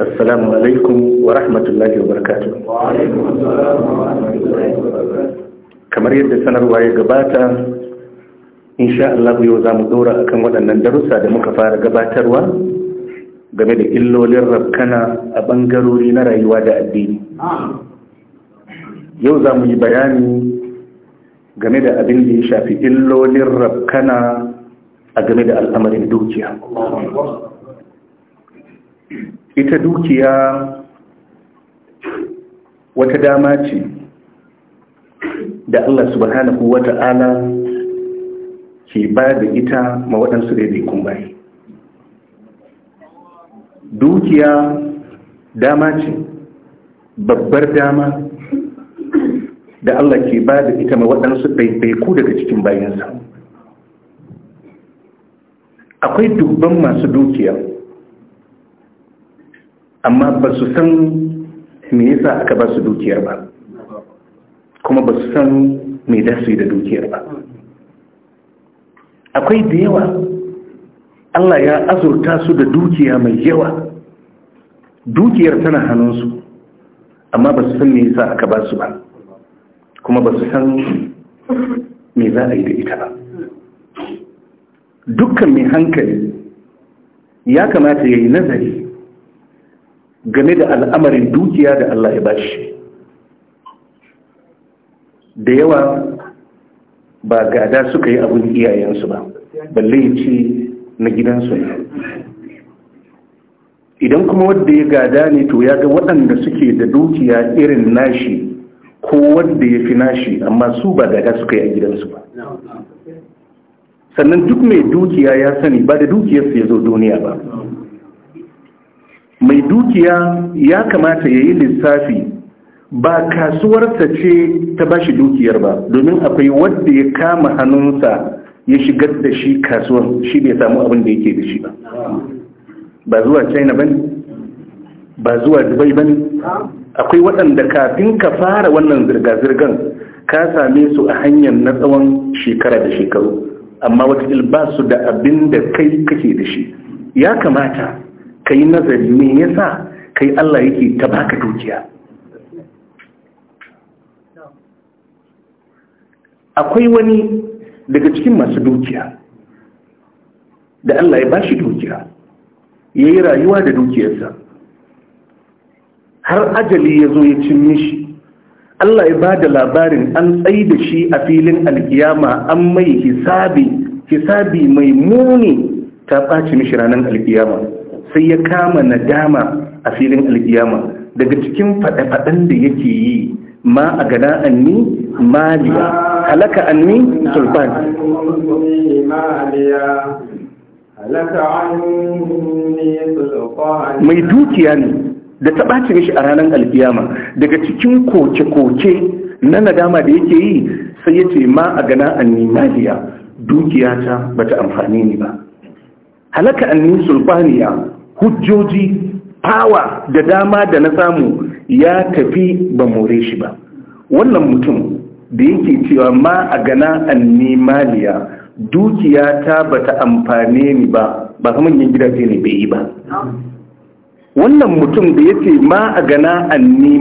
assalamu alaikum wa rahmatullahi wa barakatu kamar yadda sanarwa ya gabata insha Allah yau za mu dora akan waɗannan darussa da muka fara gabatarwa game da illolin rafkana a ɓangarori na rayuwa da addini yau za mu yi bayani game da abin da ya shafi illolin rafkana a game da al'amarin dukiya ita dukiya wata dama ce da Allah subhanahu wa ta'ala ke ba da ita ma waɗansu daidaikun bayi dukiya dama ce babbar dama da Allah ke ba da ita ma waɗansu daidaiku daga cikin bayansa akwai dubban masu dukiya amma ba su san me yasa aka ba su dukiyar ba kuma ba su san me da su yi da dukiyar ba akwai da yawa Allah ya azurta su da dukiya mai yawa dukiyar tana hannunsu amma ba su san me yasa aka ba su ba kuma ba su san me za a yi da ita ba dukkan mai hankali ya kamata ya yi nazari game da al'amarin dukiya da Allah ya bashi da yawa ba gada suka yi abin iyayensu ba balle ya ce na gidansu ne idan kuma wadda ya gada ne to ya ga waɗanda suke da dukiya irin nashi ko wadda ya fi nashi amma su ba gada suka yi a gidansu ba sannan duk mai dukiya ya sani ba da dukiyarsu ya zo duniya ba mai dukiya ya kamata ya yi lissafi ba kasuwarsa ce ta ba shi dukiyar ba domin akwai wadda ya kama hannunsa ya shigar da shi kasuwar shi bai samu abin da yake da shi ba ba zuwa china ba ba zuwa dubai ba akwai waɗanda kafin ka fara wannan zirga-zirgan ka same su a hanyar na tsawon shekara da shekaru amma wata ba su da abin da kai kake da shi ya kamata ka yi nazari me yasa yi Allah yake ta baka dukiya akwai wani daga cikin masu dukiya da Allah ya bashi dukiya ya yi rayuwa da dukiyarsa har ajali ya zo ya cin mishi Allah ya ba da labarin an tsaye da shi a filin alkiyama an mai hisabi hisabi mai muni ta ɓaci mishi ranar alkiyama sai ya kama nadama a filin alkiyama daga cikin faɗe-faɗen da yake yi ma a gana anni maliya halaka anni sulban mai dukiya ne da ta ɓacin shi a ranar alkiyama daga cikin koke-koke na nadama da yake yi sai ya ce ma a gana anni maliya dukiyata ba ta amfani ne ba halaka anni sulbaniya hujjoji fawa da dama da na samu ya tafi ba more shi ba wannan mutum da yake cewa ma a gana anni dukiya ta bata amfane ni ba ba kaman yin gidaje ne bai yi ba wannan mutum da ya ce ma a gana anni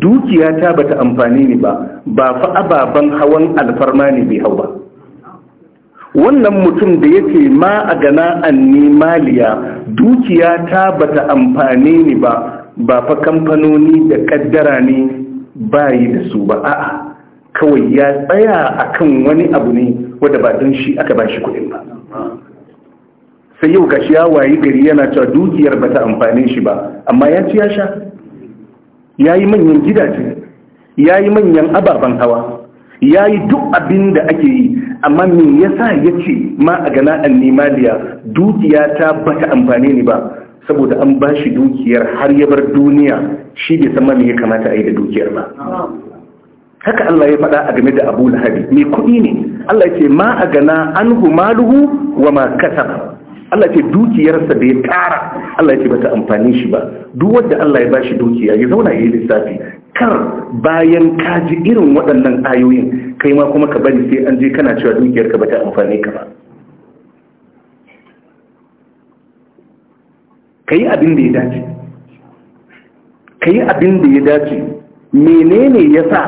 dukiya ta bata amfane ni ba ba fa ababen hawan alfarma ne bai hau ba wannan mutum da yake ma a gana anni maliya dukiya ta bata amfane ne ba ba fa kamfanoni da kaddara ne bayi da su ba a'a kawai ya tsaya akan wani abu ne wadda ba don shi aka ba shi kuɗin ba sai yau shi ya wayi gari yana cewa dukiyar bata amfani shi ba amma ya ci ya sha ya yi manyan gidaje ya yi manyan ababen hawa ya yi duk abin da ake yi amma me yasa yace ma a gana annimaliya dukiya ta bata amfane ni ba saboda an bashi dukiyar har ya bar duniya shi bai san ma me ya kamata a yi da dukiyar ba haka Allah ya faɗa a game da Abu Lahadi, me kuɗi ne Allah ya ce ma a gana an maluhu wa ma kasab Allah ce dukiyarsa bai ya ƙara Allah ce bata amfani shi ba duk wanda Allah ya bashi dukiya ya zauna yayi lissafi kar bayan kaji irin waɗannan ayoyin kai ma kuma ka bari sai an je kana cewa dukiyarka ba ta amfani ka ba ka yi abin da ya dace ka abin da ya dace menene ya sa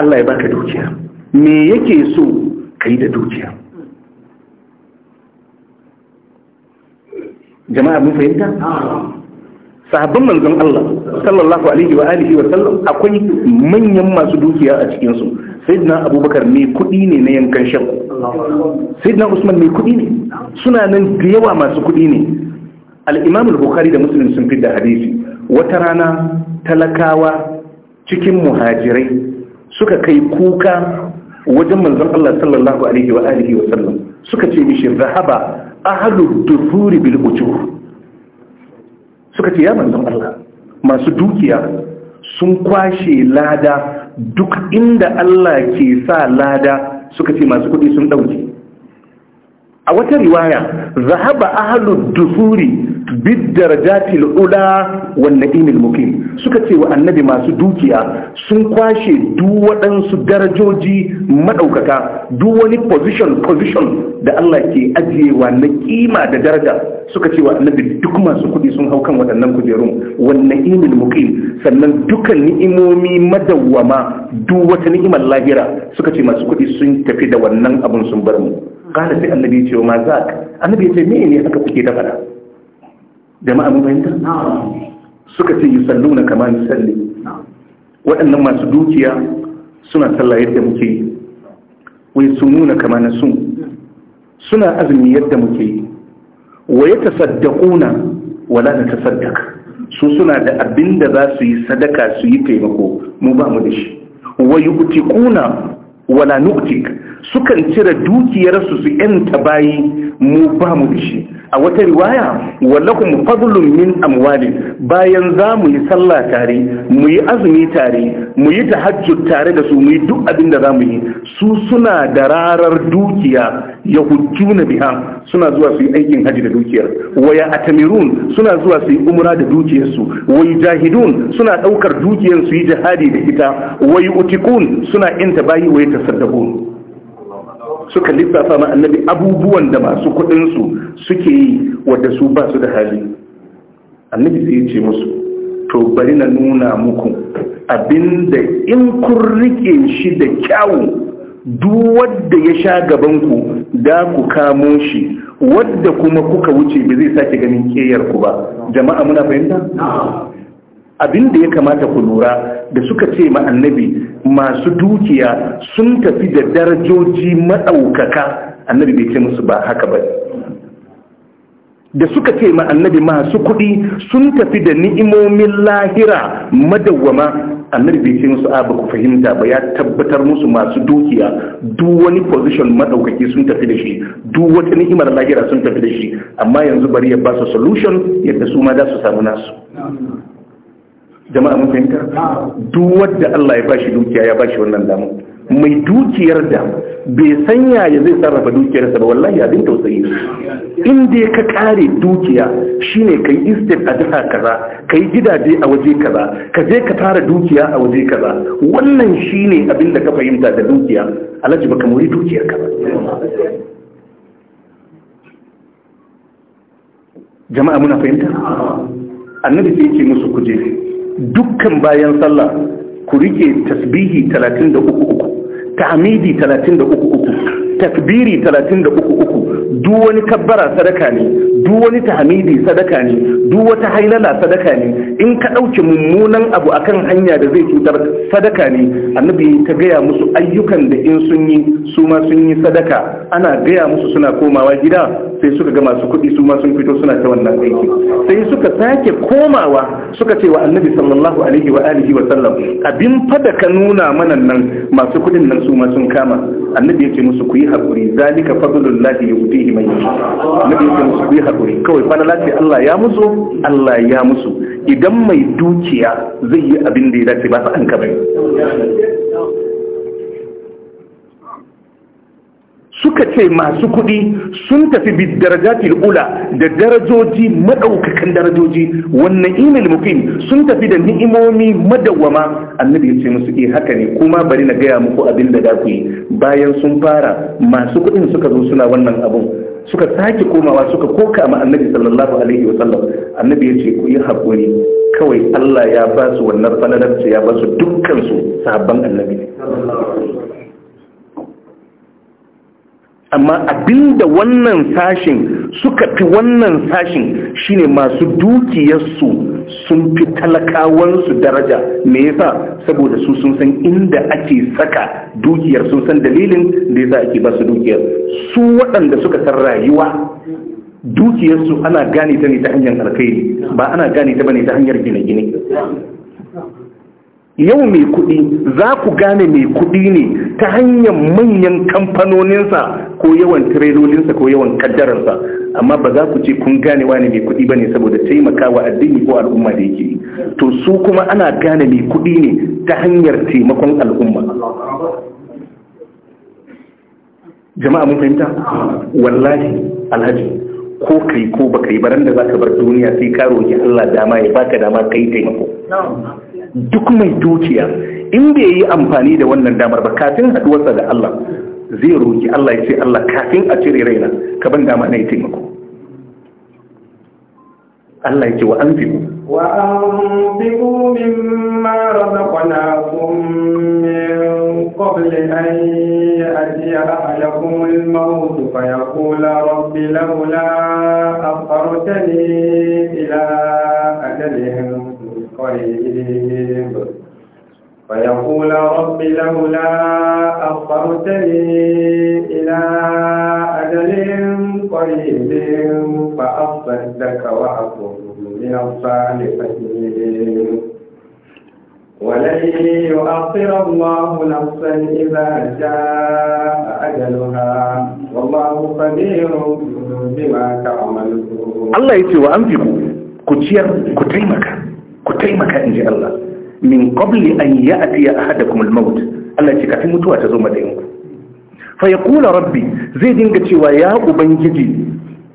Allah ya baka dukiya me yake so ka yi da dukiya jama'a mun fahimta? sahabban manzon Allah sallallahu alaihi wa alihi wa sallam akwai manyan masu dukiya a cikin su sayyidina abubakar mai kudi ne na yankan shan. sayyidina usman mai kudi ne suna nan da yawa masu kudi ne al-imam al-bukhari da muslim sun da hadisi wata rana talakawa cikin muhajirai suka kai kuka wajen manzon Allah sallallahu alaihi wa alihi wa sallam suka ce mishi zahaba ahlud dufuri bil ujur suka ce ya manzan Allah masu dukiya sun kwashe lada duk inda Allah ke sa lada suka ce masu kuɗi sun ɗauke a wata riwaya zahaba ahlud dusuri bid darajatil ula wan na'imil mukim suka ce wa annabi masu dukiya sun kwashe duk waɗansu darajoji madaukaka duk wani position position da Allah ke ajiyewa na kima da daraja suka ce wa annabi duk masu kuɗi sun hau kan waɗannan kujerun wan na'imil mukim sannan dukan ni'imomi madawwama duk wata ni'imar lahira suka ce masu kuɗi sun tafi da wannan abun sun bar mu kala sai annabi ce ma za ka annabi ce me ne haka kuke da jama'a mun fahimta suka ce yusalluna kama yusalli waɗannan masu dukiya suna sallah yadda muke yi wai sununa kama na sun suna azumi yadda muke yi wa ya tasaddaquna wala na tasaddaka su suna da abin da za su yi sadaka su yi taimako mu ba mu da shi wa yu'tiquna wala nu'tik sukan cire dukiyarsu su yanta bayi mu ba mu da shi a wata riwaya wallakum fadlun min amwali bayan za mu yi sallah tare mu yi azumi tare mu yi tahajjud tare da su mu yi duk abin da za mu yi su suna da rarar dukiya ya hujjuna biha suna zuwa su yi aikin haji da dukiyar waya atamirun suna zuwa su yi umra da dukiyarsu wai jahidun suna daukar dukiyar su yi jihadi da ita wai utikun suna inta bayi wai tasaddaqun suka lissafa ma annabi abubuwan da masu kuɗinsu suke yi wadda su ba su da hali annabi sai ce musu to bari na nuna muku abinda in kun rike shi da kyawu duk wadda ya sha gabanku da ku kamo shi wadda kuma kuka wuce ba zai sake ganin ƙeyarku ba jama'a muna fahimta? abin da ya kamata ku lura da suka ce ma annabi masu dukiya sun tafi da darajoji maɗaukaka annabi bai ce musu ba haka ba da suka ce ma annabi masu kuɗi sun tafi da ni'imomin lahira madawwama annabi bai ce musu abu ku fahimta ba ya tabbatar musu masu dukiya duk wani position maɗaukaki sun tafi da shi duk wata ni'imar lahira sun tafi da shi amma yanzu bari ya ba su solution yadda su ma za su samu nasu jama'a mun fahimta duk wanda Allah ya bashi dukiya ya bashi wannan damu mai dukiyar da bai sanya ya zai sarrafa dukiyarsa ba wallahi abin tausayi in dai ka kare dukiya shine kai istin a jiha kaza kai gidaje a waje kaza ka je ka tara dukiya a waje kaza wannan shine abin da ka fahimta da dukiya alhaji baka muri dukiyar ka jama'a muna fahimta annabi sai yake musu je. dukkan bayan sallah ku rike tasbihi 33 tahmidi 33 takbiri 33 duk wani kabbara sadaka ne duk wani tahmidi sadaka ne duk wata hailala sadaka ne in ka ɗauki mummunan abu akan hanya da zai cutar sadaka ne annabi ta gaya musu ayyukan da in sun yi su ma sun yi sadaka ana gaya musu suna komawa gida sai suka ga masu kuɗi su ma sun fito suna ta wannan aiki sai suka sake komawa suka ce wa annabi sallallahu alaihi wa alihi wa sallam abin fada ka nuna mana nan masu kuɗin nan su ma sun kama annabi ya ce musu ku yi haƙuri zalika fadlullahi yuhdihi mai nabi musu haƙuri kawai fana lati Allah ya musu Allah ya musu idan mai dukiya zai yi abin da ya dace ba sa an kamar suka ce masu kuɗi sun tafi bi darajatil ula da darajoji madaukakan darajoji wannan imel mukim sun tafi da ni'imomi madawama. annabi ya ce musu eh haka ne kuma bari na gaya muku abin da za ku yi bayan sun fara masu kuɗin suka zo suna wannan abun suka sake komawa suka koka ma annabi sallallahu alaihi wasallam annabi ya ce ku yi haƙuri kawai Allah ya ba su wannan falalar ya ba su sabon su annabi ne amma abinda wannan sashin suka fi wannan sashin shine masu dukiyarsu sun fi talakawansu daraja me yasa saboda su sun san inda ake saka dukiyar sun san dalilin da yasa ake ba su dukiyar su waɗanda suka san rayuwa dukiyarsu ana gane ta ne ta hanyar alkhairi ba ana gane ta ne ta hanyar gine-gine yau mai kuɗi za ku gane mai kuɗi ne ta hanyar manyan kamfanoninsa ko yawan tirelolinsa ko yawan kaddararsa amma ba za ku ce kun gane wani mai kuɗi ba ne saboda taimakawa addini ko al'umma da yake to su kuma ana gane mai kuɗi ne ta hanyar taimakon al'umma jama'a mun fahimta wallahi alhaji ko kai ko baka yi baran da zaka bar duniya sai ka roki Allah dama ya baka dama kai taimako duk mai dukiya in bai yi amfani da wannan damar ba kafin haduwarsa da Allah zai roki Allah ya ce Allah kafin a cire raina ka ban dama na yi taimako Allah ya ce wa anfiqu wa anfiqu mimma razaqnakum min qabli an ya'tiya ahadakum al-maut fa yaqula rabbi lawla akhartani ila ajalin قريب فيقول رب لولا أخرتني إلى أجل قريب فأصدق وأكون من الصالحين ولن يؤخر الله نفسا إذا جاء أجلها والله قدير بما تعملون الله يتوى أنفقوا كتير كتيمك ku taimaka in ji Allah min qabli an ya'tiya ahadakum al-maut Allah ce kafin mutuwa ta zo madayin ku fa yaqulu rabbi zai dinga cewa ya ubangiji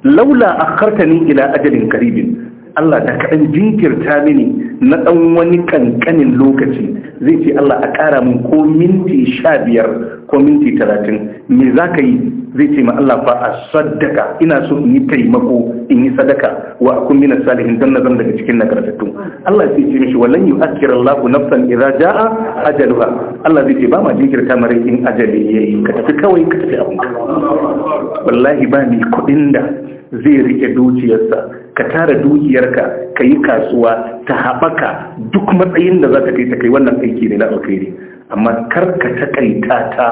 laula akhartani ila ajalin qaribin Allah da kaɗan jinkirta mini na ɗan wani ƙanƙanin lokaci zai ce Allah a ƙara min ko minti sha biyar ko minti talatin me za ka yi zai ce ma Allah fa a sadaka ina so in yi taimako in yi sadaka wa akun mina salihin don na zan daga cikin nagartattu Allah zai ce mishi walan yu akira Allahu nafsan idza jaa ajaluha Allah zai ce ba ma jinkirta mara in ajali yayi ka tafi kawai ka tafi ka. wallahi ba mai kuɗin da zai rike dukiyarsa ka tara dukiyarka ka yi kasuwa ta haɓaka duk matsayin da za ka kai ta kai wannan aiki ne na alkhairi amma kar ka takaita ta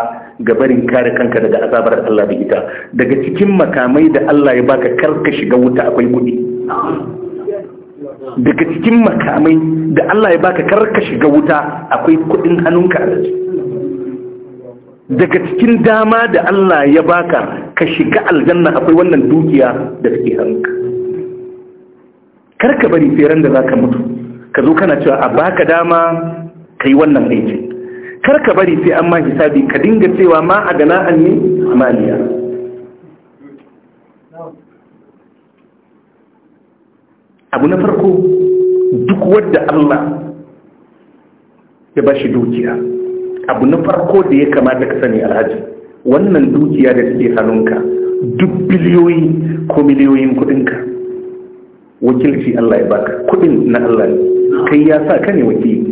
ga barin kare kanka daga azabar Allah da ita daga cikin makamai da Allah ya baka kar ka shiga wuta akwai kuɗi daga cikin makamai da Allah ya baka kar ka shiga wuta akwai kuɗin hannunka daga cikin dama da Allah ya baka ka shiga aljanna akwai wannan dukiya da take hanka karka bari feren da zaka mutu ka zo kana cewa a baka dama kai wannan aiki karka bari sai an ma hisabi ka dinga cewa ma a gana an ne maliya abu na farko duk wadda Allah ya bashi dukiya abu na farko da ya kamata ka sani alhaji wannan dukiya da suke hannunka duk biliyoyi ko miliyoyin kudinka wakilci Allah ya baka kudin na Allah ne kai ya sa ka ne wakili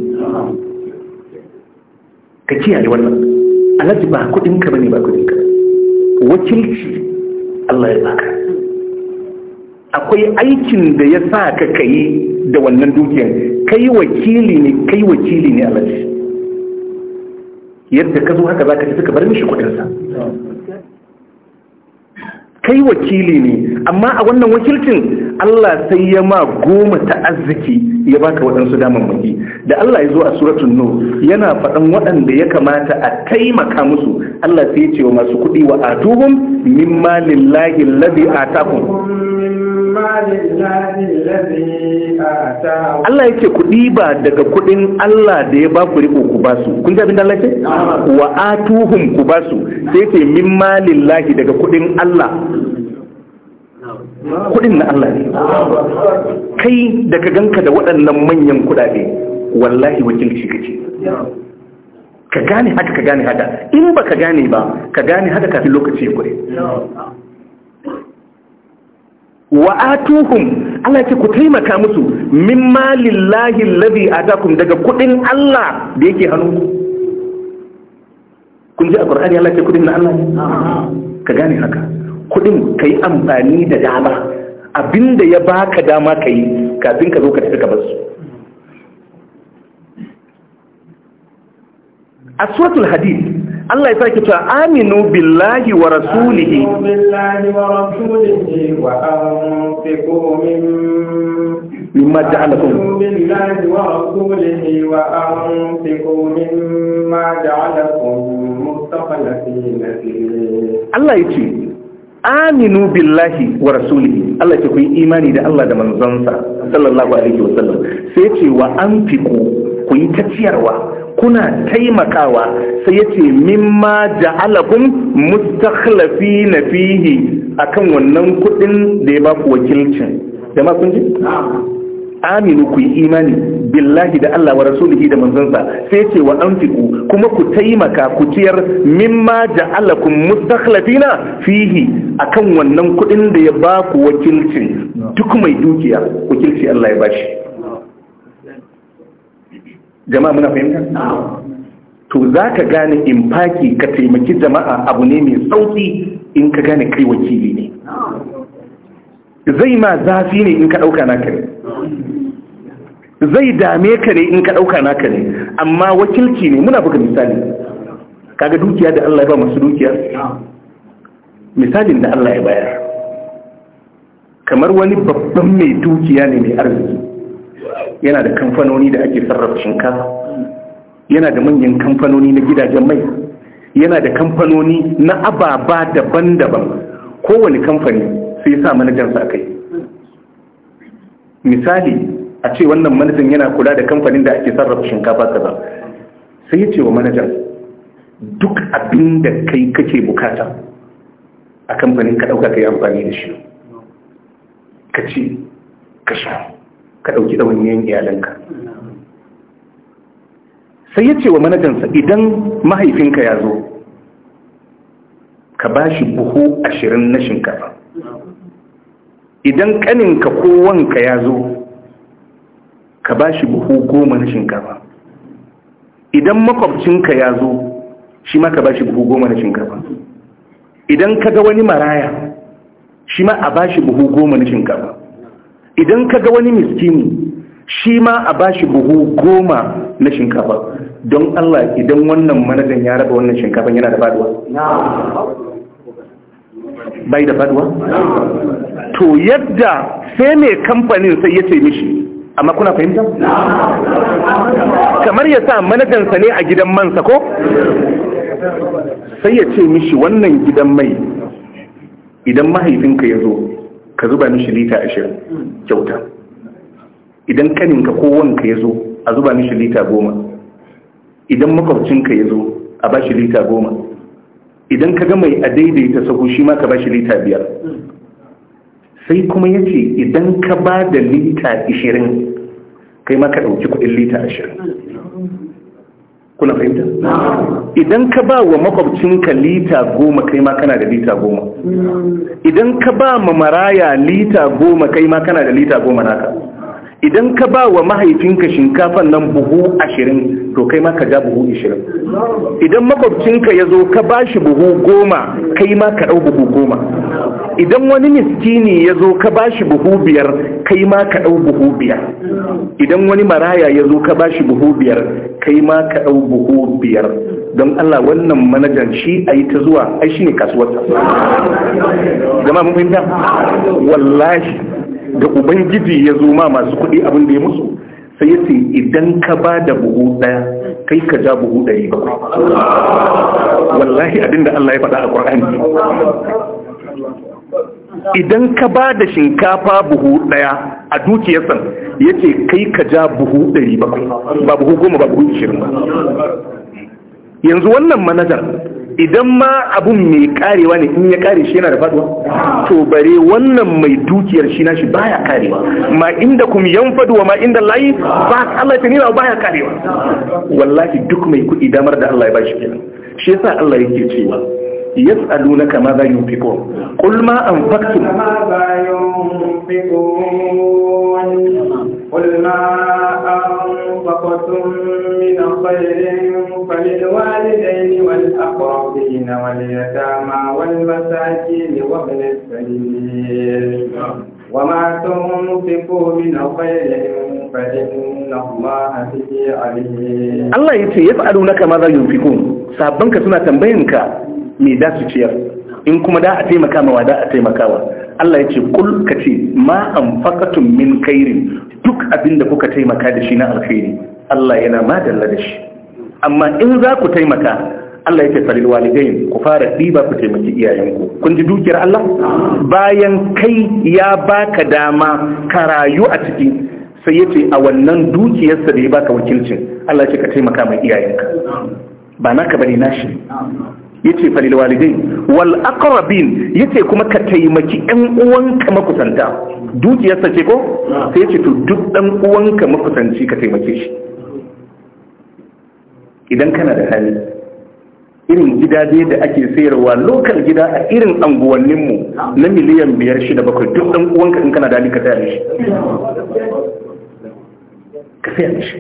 ka kiyaye wannan alhaji ba kudinka bane ba kudinka wakilci Allah ya baka akwai aikin da ya sa ka kai da wannan dukiyar kai wakili ne kai wakili ne alhaji yadda ka zo haka za ka tafi ka bar mishi kudinsa kai wakili ne amma a wannan wakilcin Allah sai ya ma goma ta arziki ya baka waɗansu damammaki da Allah ya zo a suratun nur yana faɗan waɗanda ya kamata a taimaka musu Allah sai ya ce wa masu kuɗi wa atuhum mimma lillahi a atakum Allah yake kuɗi ba daga kuɗin Allah da ya ba ku riko ku ba su. Kun ji abin da Allah ce? Wa atuhum ku ba su. Sai ce min malillahi daga kuɗin Allah. kudin na Allah ne kai da ka ganka da waɗannan manyan kudade wallahi wakilci kace ka gane haka ka gane haka in ba ka gane ba ka gane haka kafin lokaci kure wa atuhum Allah ce ku taimaka musu min malillahi alladhi atakum daga kudin Allah da yake hannu. kun ji a Qur'ani Allah ce kudin na Allah ne ka gane haka kudin ka yi amfani da dama abinda ya baka dama ka yi kafin ka zo ka tafi ka basu a suratul hadith Allah ya sake cewa aminu billahi wa rasulihi مما جعلكم بالله aminu billahi wa rasulihi Allah ce ku yi imani da Allah da manzansa sallallahu alaihi wa sallam sai ce wa anfiqu ku yi taciyarwa kuna taimakawa sai yace mimma ja'alakum mustakhlafina fihi akan wannan kudin da ya baku wakilcin Da ma kun ji aminu ku yi imani billahi da Allah wa rasulihi da manzansa sai ce wa anfiqu kuma ku taimaka ku ciyar mimma ja'alakum mustakhlifina fihi akan wannan kudin da ya ba ku wakilcin duk mai dukiya wakilci Allah ya bashi jama'a muna fahimta to zaka gane infaki ka taimaki jama'a abu ne mai sauki in ka gane kai wakili ne zai ma zafi ne in ka dauka na ne zai dame ka ne in ka ɗauka naka ne amma wakilci ne muna buga misali kaga dukiya da Allah ya ba masu dukiya misalin da Allah ya bayar kamar wani babban mai dukiya ne mai arziki yana da kamfanoni da ake sarrafa shinkafa yana da manyan kamfanoni na gidajen mai yana da kamfanoni na ababa daban-daban kowane kamfani sai sa manajansa a kai misali a ce wannan manajan yana kula da kamfanin da ake sarrafa shinkafa kaza sai ya ce wa manajan duk abin da kai kake bukata a kamfanin ka dauka yi amfani da shi ka ce ka sha ka dauki ɗawainiyan iyalanka sai ya ce wa manajansa idan mahaifinka ya zo ka ba shi buhu ashirin na shinkafa idan kaninka ko wanka ya zo ka ba shi buhu goma na shinkafa idan makwabcinka ya zo shi ma ka ba shi buhu goma na shinkafa idan ka ga wani maraya shi ma a ba shi buhu goma na shinkafa idan ka ga wani miskini shi ma a ba shi buhu goma na shinkafa don Allah idan wannan manajan ya raba wannan shinkafan yana da faduwa bai da faduwa to yadda sai mai kamfanin sai ya ce mishi amma kuna fahimta? kamar ya sa manajansa ne a gidan mansa ko? sai ya ce mishi wannan gidan mai idan mahaifinka ya zo ka zuba mishi lita ashirin kyauta idan kaninka ko wanka ya zo a zuba mishi lita goma idan makwabcinka ya zo a ba shi lita goma idan ka ga mai a daidaita sahu shi ma ka ba shi lita biyar sai kuma ya ce idan ka ba da lita 20 kai maka ɗauki kudin lita 20 kuna fahimta? idan ka ba wa makwabcinka lita goma kai ma kana da lita goma idan ka ba ma maraya lita goma kai ma kana da lita goma naka idan ka ba wa mahaifinka shinkafan nan buhu ashirin to kai ma ka ja buhu ashirin idan makwabcinka ya zo ka ba shi buhu goma kai ma ka ɗau buhu goma idan wani miskini ya zo ka bashi buhu biyar kai ma ka ɗau buhu biyar idan wani maraya ya zo ka bashi buhu biyar kai ma ka ɗau buhu biyar don Allah wannan manajan shi a yi ta zuwa ai shi ne kasuwarsa gama mun fahimta wallahi da ubangiji ya zo ma masu kuɗi abin da ya musu sai ya ce idan ka ba da buhu ɗaya kai ka ja buhu ɗari bakwai wallahi abin da Allah ya faɗa a ƙwar'ani idan ka ba da shinkafa buhu daya a dukiyarsa ya ce kai ka ja buhu ɗari bakwai ba buhu goma ba buhu ishirin ba yanzu wannan manajan idan ma abun mai karewa ne in ya kare shi yana da faduwa to bare wannan mai dukiyar shi nashi baya karewa ma inda kuma yan faduwa ma inda layi ba Allah ta ba baya karewa wallahi duk mai kuɗi damar da Allah ya shi kenan shi yasa Allah yake cewa yas'alunaka ma za yunfiqun qul ma anfaqtum ma za yunfiqun qul ma anfaqtum min khairin فللوالدين والأقربين واليتامى والمساكين وابن السبيل وما تنفقوا من خير فإن الله به عليم الله يتي يسألونك ماذا ينفقون sabanka suna tambayinka me da su ciyar in kuma da a taimaka mawa da a taimakawa Allah ya ce kul ka ce ma anfaqatum min kairin duk abin da kuka taimaka da shi na alkhairi Allah yana madalla da shi amma in za ku taimaka Allah yake falil walidain ku fara diba ku taimaki iyayenku kun ji dukiyar Allah bayan kai ya baka dama ka rayu a ciki sai yace a wannan dukiyarsa da ya baka wakilcin Allah ce ka taimaka mai iyayenka ba naka bane nashi yace lil walidain wal aqrabin yace kuma ka taimaki ɗan uwanka makusanta dukiyarsa ce ko sai yace to duk ɗan uwanka makusanci ka taimake shi idan kana da hali irin gidaje da ake sayarwa lokal gida a irin mu na miliyan biyar shida bakwai duk ɗan uwanka in kana da hali ka tayar shi ka tayar shi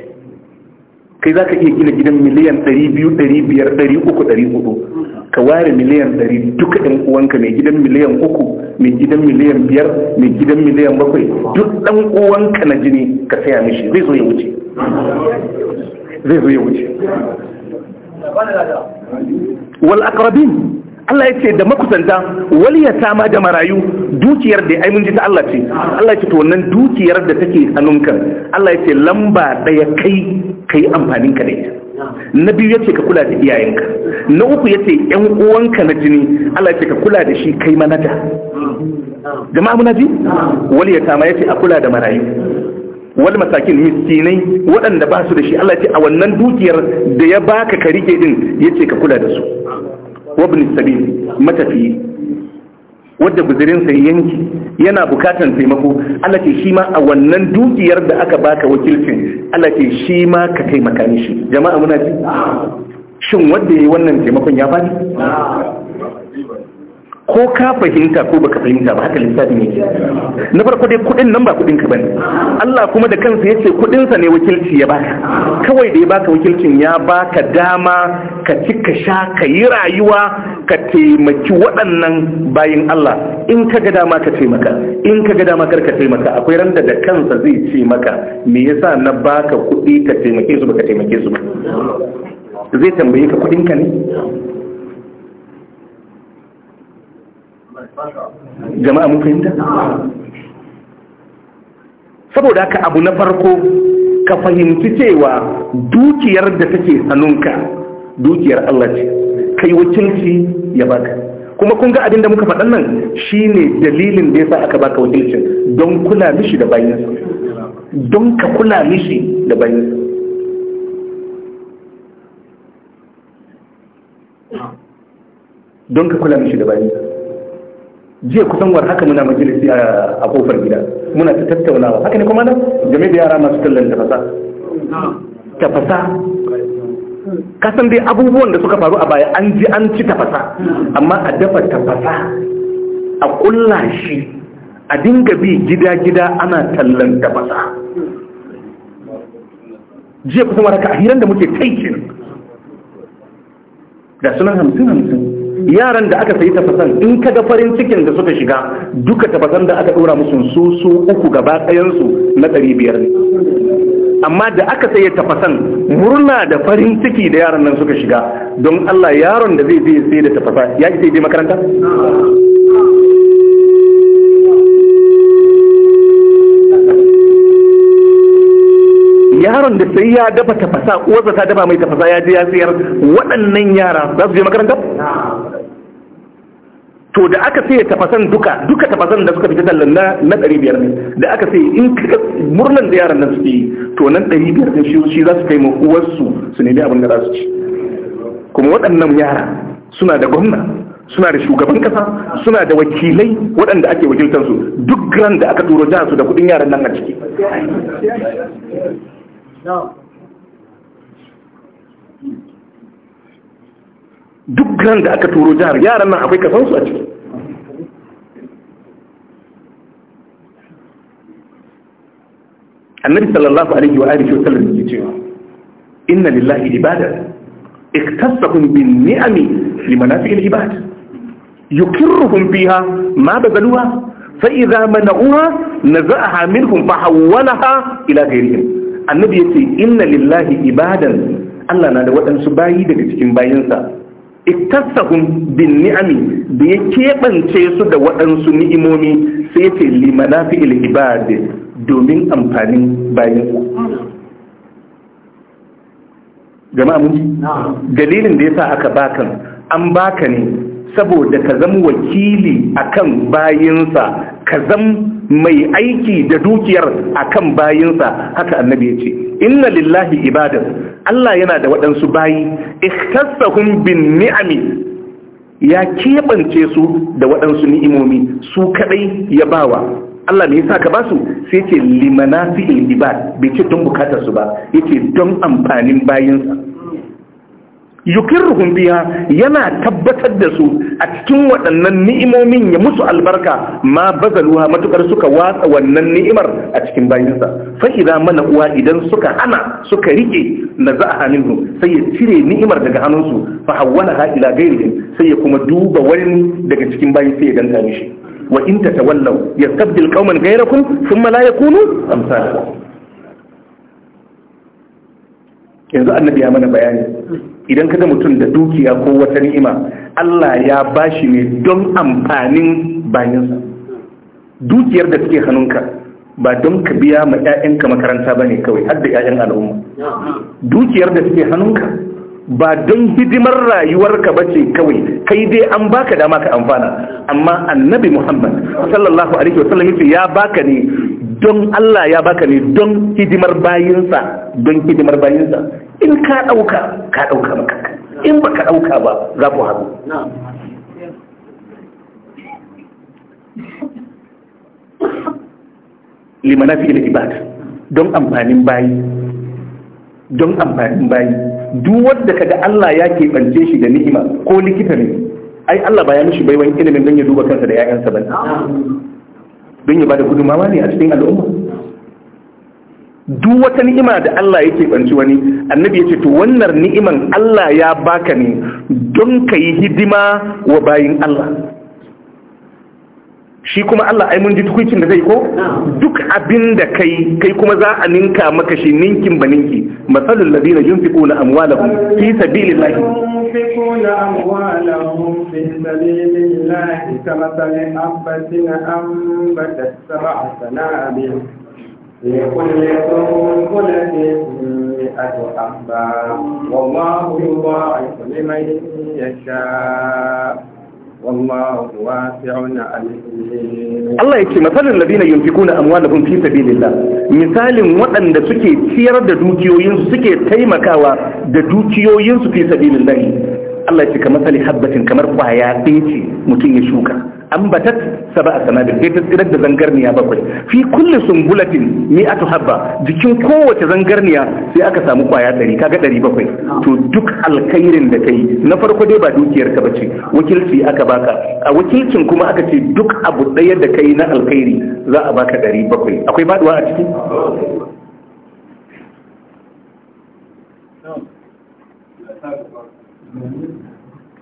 kai za ka iya gina gidan miliyan ɗari biyu ɗari biyar ɗari uku, ɗari 400 ka ware miliyan dari duka ɗan uwanka mai gidan miliyan uku mai gidan miliyan biyar mai gidan miliyan bakwai duk ɗan uwanka na jini ka saya mishi zai zo ya wuce zai zo ya wuce wal akrabin Allah ya ce da makusanta ta ma da marayu dukiyar da ai mun ji ta Allah ce Allah ya ce to wannan dukiyar da take hannunka Allah ya ce lamba daya kai kai amfanin ka da ita na biyu ya ce ka kula da iyayenka na uku ya ce yan uwanka na jini Allah ya ce ka kula da shi kai manata jama'a muna ji ma ya ce a kula da marayu wal masakin miskinai waɗanda ba su da shi Allah ya ce a wannan dukiyar da ya baka ka rike din ce ka kula da su wabin sabil matafiyi wadda guzirinsa ya yanki yana bukatan taimako Allah shi ma a wannan dukiyar da aka baka wakilcin Allah shi ma ka taimaka shi jama'a muna ji shin wadda yi wannan taimakon ya bani ko ka fahimta ko baka fahimta ba haka lissafin yake na farko dai kudin nan ba kudin ka bane Allah kuma da kansa yace kudin sa ne wakilci ya baka kawai da ya baka wakilcin ya baka dama ka ci ka sha ka yi rayuwa ka taimaki waɗannan bayin Allah in ka ga dama ka taimaka in ka ga dama kar ka taimaka akwai randa da kansa zai ce maka me yasa na baka kudi ka taimake su baka taimake su ba zai tambaye ka kudin ka ne jama'a mun fahimta saboda haka abu na farko ka fahimci cewa dukiyar da take sanunka dukiyar Allah ce kai wakilci ya baka kuma kun ga abin da muka faɗan nan shine dalilin da yasa aka baka wakilcin don kula mishi da bayansa don ka kula mishi da bayansa don ka kula mishi da bayansa jiya kusan war haka muna majalisi a kofar gida muna ta tattaunawa haka ne kuma nan game da yara masu tallan tafasa tafasa kasan dai abubuwan da suka faru a baya an ji an ci tafasa amma a dafa tafasa a kulla shi a dinga bi gida-gida ana tallan tafasa jiya kusan war haka a hiran da muke taikin da sunan hamsin hamsin yaran da aka sayi tafasan in ka ga farin cikin da suka shiga duka tafasan da aka dora musu su su uku gaba ɗayansu na ɗari biyar ne amma da aka sayi tafasan murna da farin ciki da yaran nan suka shiga don Allah yaron da zai je sai da tafasa ya ji sai makaranta yaron da sai ya dafa tafasa uwarsa ta dafa mai tafasa ya je ya sayar waɗannan yara za su je makaranta to da aka sai tafasan duka duka tafasan da suka fita tallan na na 500 ne da aka sai in kika murnan da yaran nan suke yi to nan 500 din shi shi za su kai uwar su su nemi abin da za su ci kuma waɗannan yara suna da gwamna suna da shugaban kasa suna da wakilai waɗanda ake wakiltar su duk ran da aka turo jihar su da kuɗin yaran nan a ciki duk ran da aka turo jihar yaran nan akwai kasansu a ciki annabi sallallahu alaihi wa alihi wa sallam yake cewa inna lillahi ibada iktasahum bin ni'ami limanafi'il ibad yukirruhum biha ma bazaluha fa idza mana'uha naza'aha minhum fa hawwalaha ila ghayrihim annabi yace inna lillahi ibadan Allah na da waɗansu bayi daga cikin bayinsa ittasahum bin ni'ami da ya keɓance su da waɗansu ni'imomi sai ce fi ibad domin amfanin bayan ku jama'a mun dalilin da yasa aka baka, an baka ne saboda ka zama wakili akan bayinsa ka zama mai aiki da dukiyar akan bayinsa haka annabi ya ce inna lillahi ibadan Allah yana da waɗansu bayi ikhtassahum bin ni'ami ya keɓance su da waɗansu ni'imomi su kaɗai ya bawa Allah me yasa ka ba su sai ce limanafi ibad bai ce don bukatar su ba yace don amfanin bayinsa yukirruhum biha yana tabbatar da su a cikin waɗannan ni'imomin ya musu albarka ma bazaluha matukar suka watsa wannan ni'imar a cikin bayansa fa idza mana uwa idan suka hana suka rike naza'a minhu sai ya cire ni'imar daga hannunsu fa hawwalaha ila ghairihim sai ya kuma duba wani daga cikin bayin sai ya danta mishi wa in tatawallaw yastabdil qauman ghayrakum thumma la yakunu amsalakum yanzu annabi ya mana bayani idan ka ga mutum da dukiya ko wata ni'ima Allah ya bashi ne don amfanin bayansa dukiyar da suke hannunka ba don ka biya ma 'ya'yanka makaranta ba ne kawai har da 'ya'yan al'umma dukiyar da suke hannunka ba don hidimar rayuwarka ba ce kawai kai dai an baka dama ka amfana amma annabi muhammad sallallahu alaihi wa sallam ya baka ne don Allah ya baka ne don hidimar bayinsa don hidimar bayinsa in ka ɗauka ka ɗauka maka in ba ka ɗauka ba za ku haɗu limana fi ibad don amfanin bayi don amfanin bayi duk wanda kaga Allah ya keɓance shi da ni'ima ko likita ne ai Allah ba ya mishi baiwan ilimin don ya duba kansa da 'ya'yansa ba don ya bada gudunmawa ne a cikin al'umma duk wata ni'ima da Allah yake banci wani annabi yace to wannan ni'iman Allah ya baka ne don ka yi hidima wa bayin Allah shi kuma Allah ai mun ji tukuncin da zai ko duk abin da kai kai kuma za a ninka maka shi ninkin ba ninki masalul ladina yunfiquna amwalahum fi sabilillahi yunfiquna amwalahum fi sabilillahi kamathali habatin sab'a sanabil Allah ya ce, Masalin labina yin fiko na amuwa na fi sabili Allah, misalin waɗanda suke ciyar da dukiyoyinsu suke taimakawa da dukiyoyinsu fi sabili Allah Allah ce kamar sali habbatin kamar kwaya ɗaya ce mutum ya shuka an bata saba a sanadin ta tsirar da zangarniya bakwai fi kulle sumbulatin ni tu habba jikin kowace zangarniya sai aka samu kwaya ɗari kaga ɗari bakwai to duk alkhairin da kai na farko dai ba dukiyar ka ce, wakilci aka baka a wakilcin kuma aka ce duk abu ɗaya da kai na alkhairi za a baka ɗari bakwai akwai baɗuwa a ciki Thank you.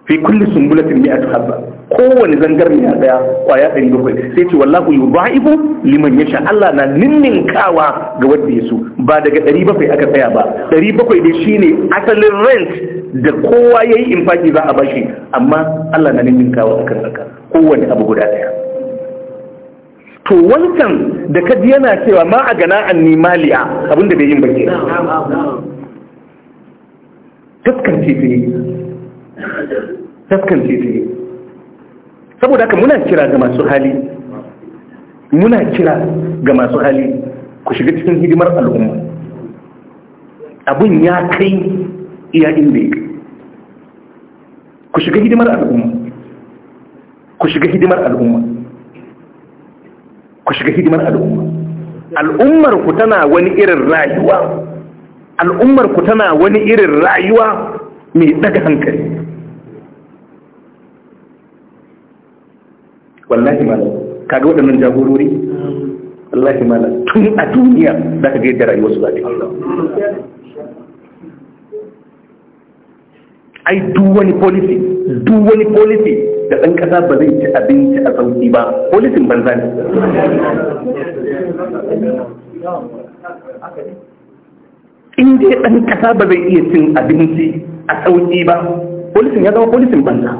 fi kulli sumbulatin mi'a habba kowane zangar miya daya kwaya 700 sai ce wallahu yudha'ibu liman yasha Allah na ninninkawa ga wanda ya so ba daga 700 aka tsaya ba 700 dai shine asalin rent da kowa yayi infaki za a bashi amma Allah na ninninkawa akan haka kowane abu guda daya to wancan da kaji yana cewa ma a gana an nimaliya abinda bai yin bakin gaskance ta yi Tafkan titi saboda haka muna kira ga masu hali muna kira ga masu hali ku shiga cikin hidimar al'umma abin ya kai iya inda ya ku shiga hidimar al'umma ku shiga hidimar al'umma ku shiga hidimar al'umma al'ummar ku tana wani irin rayuwa al'ummar ku tana wani irin rayuwa mai daga hankali wallahi malam kaga waɗannan jagorori wallahi malam tun a duniya za ka ga yadda rayuwarsu za ta ai duk wani policy duk wani policy da ɗan ƙasa ba zai ci abinci a sauki ba policin banza ne in dai ɗan ƙasa ba zai iya cin abinci a sauki ba policin ya zama policin banza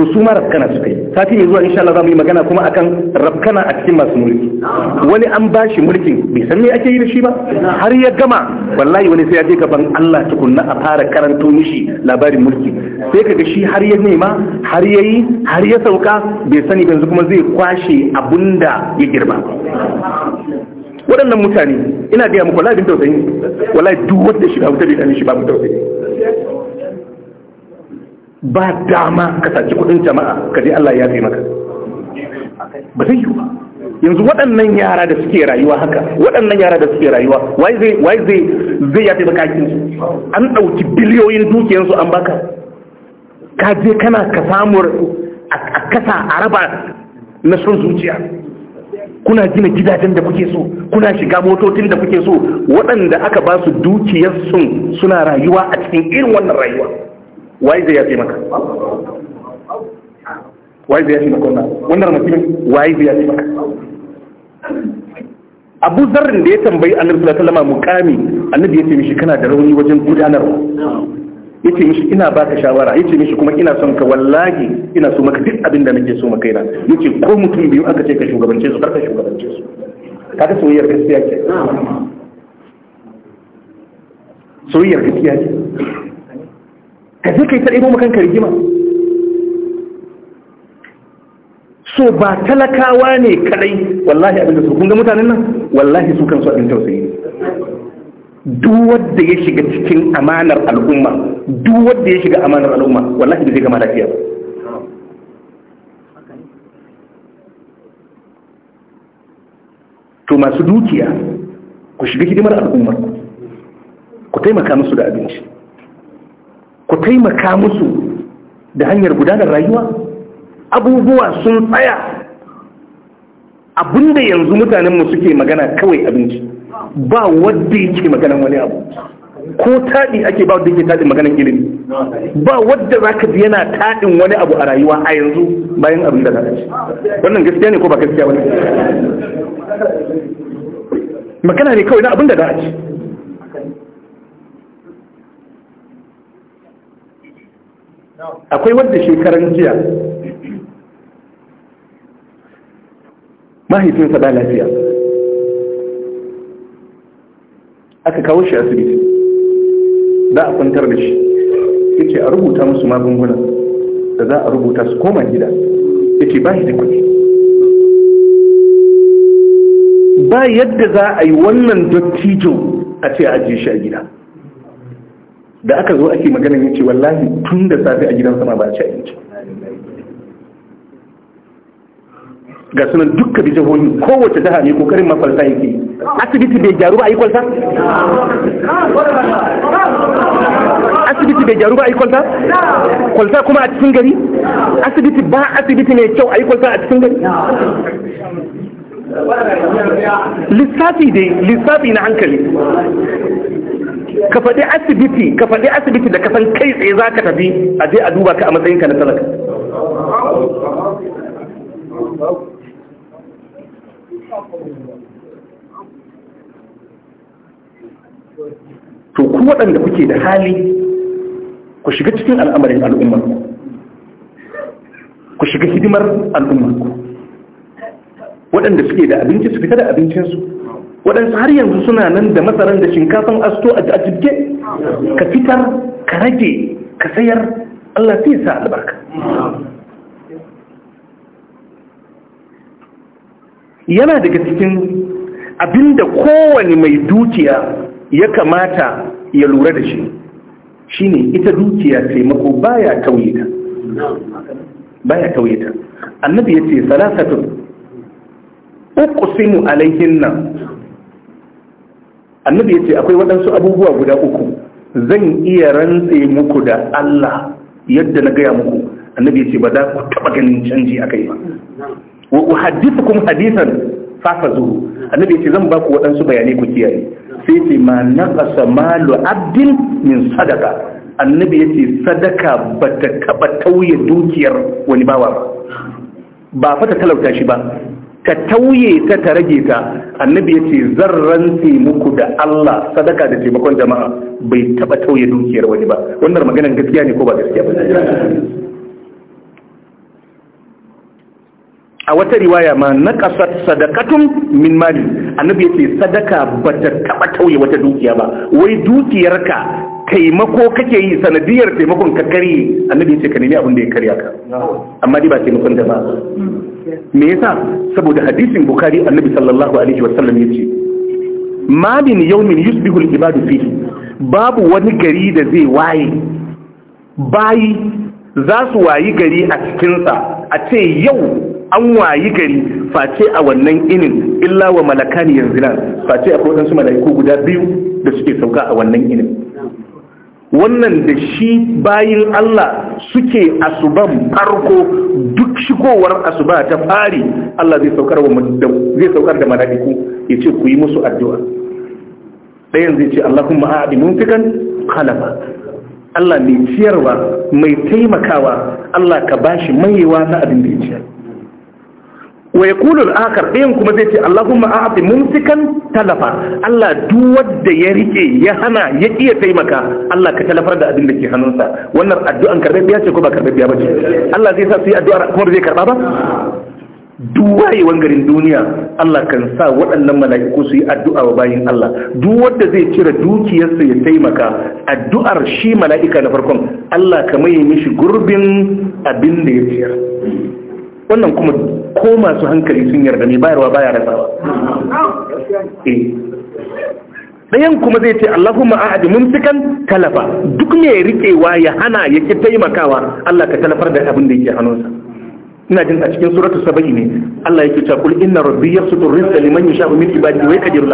to su ma rafkana su yi sati ne zuwa insha Allah za mu yi magana kuma akan rafkana a cikin masu mulki wani an ba shi mulkin bai san me ake yi da shi ba har ya gama wallahi wani sai ya je gaban Allah tukunna a fara karanto mishi labarin mulki sai kaga shi har ya nema har ya yi har ya sauka bai sani yanzu kuma zai kwashe abunda ya girma waɗannan mutane ina gaya muku wallahi bin tausayi wallahi duk wanda shi ba mutane shi ba mutane ba dama ka saci kudin jama'a ka je Allah ya fi maka ba zai yiwu yanzu waɗannan yara da suke rayuwa haka waɗannan yara da suke rayuwa wai zai wai zai zai ya taimaka kin an ɗauki biliyoyin su an baka ka je kana ka samu a kasa a raba na son zuciya kuna gina gidajen da kuke so kuna shiga motocin da kuke so waɗanda aka ba su dukiyar sun suna rayuwa a cikin irin wannan rayuwa wai zai yafe maka wai zai yafe maka wannan wannan mutumin wai zai yafe maka abu zarrin da ya tambayi annabi sallallahu alaihi wasallam mukami annabi ya ce mishi kana da rauni wajen gudanarwa ya ce mishi ina baka shawara ya ce mishi kuma ina son ka wallahi ina so maka duk abin da nake so maka yana ya ce ko mutum biyu aka ce ka shugabance su karka shugabance su kaga soyayyar gaskiya ke, soyayyar gaskiya ce ka je kai ta ɗebo makanka rigima so ba talakawa ne kadai wallahi abin da su kun ga mutanen nan wallahi su kansu abin tausayi duk wanda ya shiga cikin amanar al'umma duk wanda ya shiga amanar al'umma wallahi bai zai gama lafiya ba to masu dukiya ku shiga hidimar al'ummar ku taimaka musu da abinci ku taimaka musu da hanyar gudanar rayuwa abubuwa sun tsaya abinda yanzu mutanenmu suke magana kawai abinci ba wadda yake maganan wani abu ko taɗi ake ba wadda yake taɗin maganan ilimi ba wadda za ka yana taɗin wani abu a rayuwa a yanzu bayan abin da za wannan gaskiya ne ko ba gaskiya wani magana ne kawai na abin da za a akwai wadda shekaran jiya mahaifinsa ba lafiya aka kawo shi asibiti za a kwantar da shi yake a rubuta musu magunguna da za a rubuta su koma gida yake ba shi da kuɗi ba yadda za a yi wannan dottijo a ce a ajiye shi a gida da aka zo ake magana ya ce wallahi tun da safe a gidan sama ba a ci abinci ga sunan dukkan da jihohi kowace jiha ne kokarin makwalta yake asibiti bai gyaru ba a yi kwalta? asibiti bai gyaru ba a yi kwalta? kwalta kuma a cikin gari? asibiti ba asibiti mai kyau a yi kwalta a cikin gari? lissafi dai lissafi na hankali ka faɗi asibiti ka faɗi asibiti da san kai tsaye za ka tafi a je a duba ka a matsayinka na talaka to ku waɗanda kuke da hali ku shiga cikin al'amarin al'ummarku ku shiga hidimar al'ummarku waɗanda suke da abinci su fita da abincinsu waɗansu har yanzu suna nan da masaran da shinkafan asto a jirge ka fitar ka rage ka sayar Allah fi sa albarka yana daga cikin abinda kowane mai dukiya ya kamata ya lura da shi shine ita dukiya taimako baya tauye ta baya tauye ta annabi yace salasatu alaihin nan. annabi ya ce akwai waɗansu abubuwa guda uku zan iya rantse muku da Allah yadda na gaya muku annabi ya ce ba za ku taɓa ganin canji a kai ba wa uhaddithukum hadithan fafazu annabi ya ce zan ba ku waɗansu bayanai ku kiyaye sai ce ma naqasa malu abdin min sadaka annabi ya ce sadaka ba ta taɓa tauye dukiyar wani bawa ba ba fata talauta shi ba ka tauye ta ta rage ta annabi ya ce zan rantse muku da Allah sadaka da taimakon jama'a bai taba tauye dukiyar wani ba wannan maganar gaskiya ne ko ba gaskiya ba a wata riwaya ma na kasar sadakatun min mali annabi ya ce sadaka ba ta taba tauye wata dukiya ba wai dukiyarka taimako kake yi sanadiyar taimakon ka kare annabi ya ce ka nemi abin da ya karya ka amma dai ba taimakon jama'a me yasa saboda hadisin bukhari annabi sallallahu alaihi wasallam yace ma min yawmin yusbihu al-ibadu fihi babu wani gari da zai waye bayi za su wayi gari a cikin sa a ce yau an wayi gari face a wannan inin illa wa malakani yanzu nan face akwai wasu mala'iku guda biyu da suke sauka a wannan inin wannan da shi bayin Allah suke asuban farko duk shigowar asuba ta fari Allah zai saukar da mala'iku ya ce ku yi musu addu'a ɗayan zai ce Allahumma a'adi mumfikan kalaba Allah mai ciyarwa mai taimakawa Allah ka bashi mayewa na abin da ya ciyar wa ya kulul akar ɗayan kuma zai ce Allahumma haɗe mumsikan talafa Allah duk da ya rike ya hana ya iya taimaka Allah ka talafar da abin da ke hannunsa wannan addu'an biya ce ko ba biya ba ce Allah zai sa su yi addu'ar kuma zai karɓa ba duwayewan wangarin duniya Allah kan sa waɗannan mala'iku su yi addu'a wa bayin Allah duk da zai cire dukiyarsa ya taimaka addu'ar shi mala'ika na farkon Allah ka mai mishi gurbin abin da ya ciyar wannan kuma ko masu hankali sun yarda mai bayarwa baya rasawa eh. ɗayan kuma zai ce Allahumma a'adi mumsikan talafa duk ne riƙewa ya hana ya ke taimakawa Allah ka talafar da abin da yake hannunsa ina jin a cikin suratu saba'i ne Allah yake cewa kul inna rabbi yabsutu rizqa liman yasha'u min ibadihi wa yaqdiru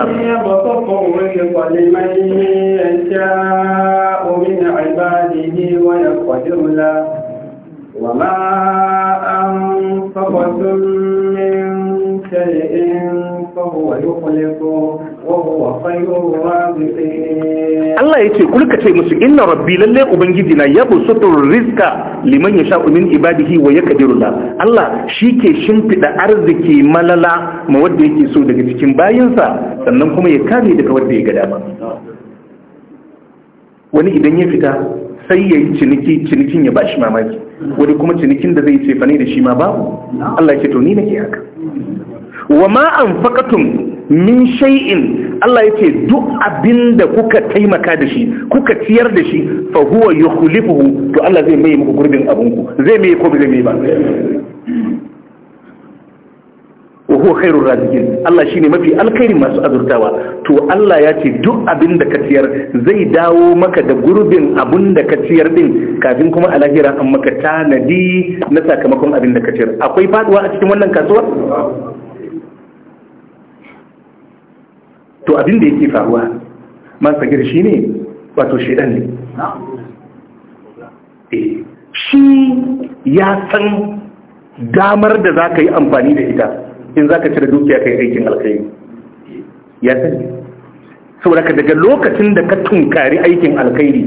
lahu wa ma نفقة من شيء فهو يخلقه وهو خير الرازقين Allah ya ce, kulka ce musu inna rabbi lallai Ubangiji na ya bu rizqa liman ya sha umin ibadihi wa ya kadirula. Allah shi ke shimfiɗa arziki malala ma wadda yake so daga cikin bayansa sannan kuma ya kare daga wadda ya gada ba. Wani idan ya fita, sai ya yi ciniki cinikin ya ba shi mamaki wani kuma cinikin da zai cefa ne da shi ma babu Allah ya ce to ni nake haka wa ma anfaqatum min shay'in Allah ya ce duk abinda kuka taimaka da shi kuka ciyar da shi fa huwa yukhlifuhu to Allah zai mai muku gurbin abunku zai mai ko zai mai ba huwa khairur raziqin Allah shine mafi alkhairin masu azurtawa to Allah ya ce duk abin da ka ciyar zai dawo maka da gurbin abin da ka ciyar din kafin kuma a lahira an maka tanadi na sakamakon abin da ka ciyar akwai faduwa a cikin wannan kasuwa? to abin da yake faruwa man sagir shine wato shedan ne eh, shi ya san damar da za ka yi amfani da ita in za ka cire dukiya kai aikin alkhairi ya sani saboda ka daga lokacin da ka tunkari aikin alkhairi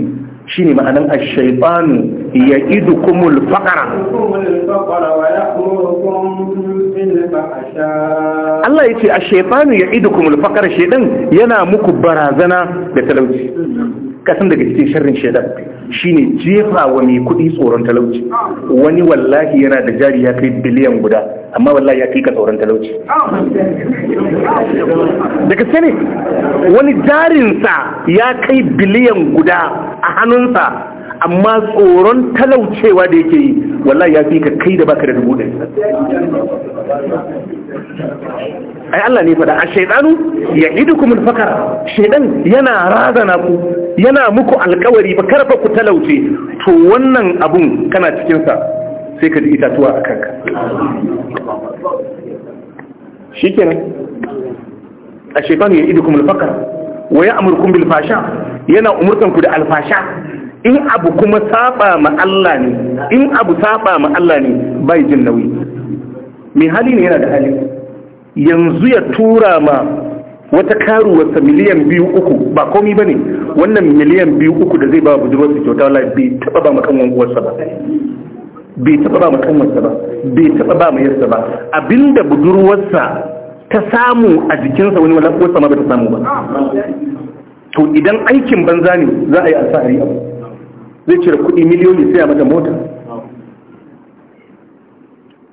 shi ne ma'anan shaifanu ya idu kumul faƙara Allah ya ce a shaifanu ya idu kumul faƙara shaidan yana muku barazana da talauci kasan daga cikin sharrin shaidan shine jefa wa mai kuɗi tsoron talauci wani wallahi yana da jari ya kai biliyan guda amma wallahi ya kai ka tsoron talauci daga sani wani jarinsa ya kai biliyan guda a hannunsa amma tsoron talaucewa da yake yi wallahi ya fi ka kai da baka da dubu ɗari ai Allah ne faɗa a shaidanu ya idu kuma fakar shaidan yana razana ku yana muku alkawari ba karfa ku talauce to wannan abun kana cikinsa sai ka ji itatuwa a kanka shi kenan a shekaru ya idu kuma alfakar wa ya amurkun bilfasha yana umurtanku da alfasha in abu kuma saba ma Allah ne in abu saba ma Allah ne bai jin nauyi mai hali ne yana da hali yanzu ya tura ma wata karuwarsa miliyan biyu uku ba komi ba ne wannan miliyan biyu uku da zai ba budurwarsa kyauta wala bai taɓa ba makan wanguwarsa ba bai taɓa ba makan wanguwarsa ba bai taɓa ba mayarsa ba abinda budurwarsa ta samu a jikinsa wani wala uwarsa ma ba ta samu ba to idan aikin banza ne za a yi alfahari abu zai cire kuɗi miliyoyi sai a mata mota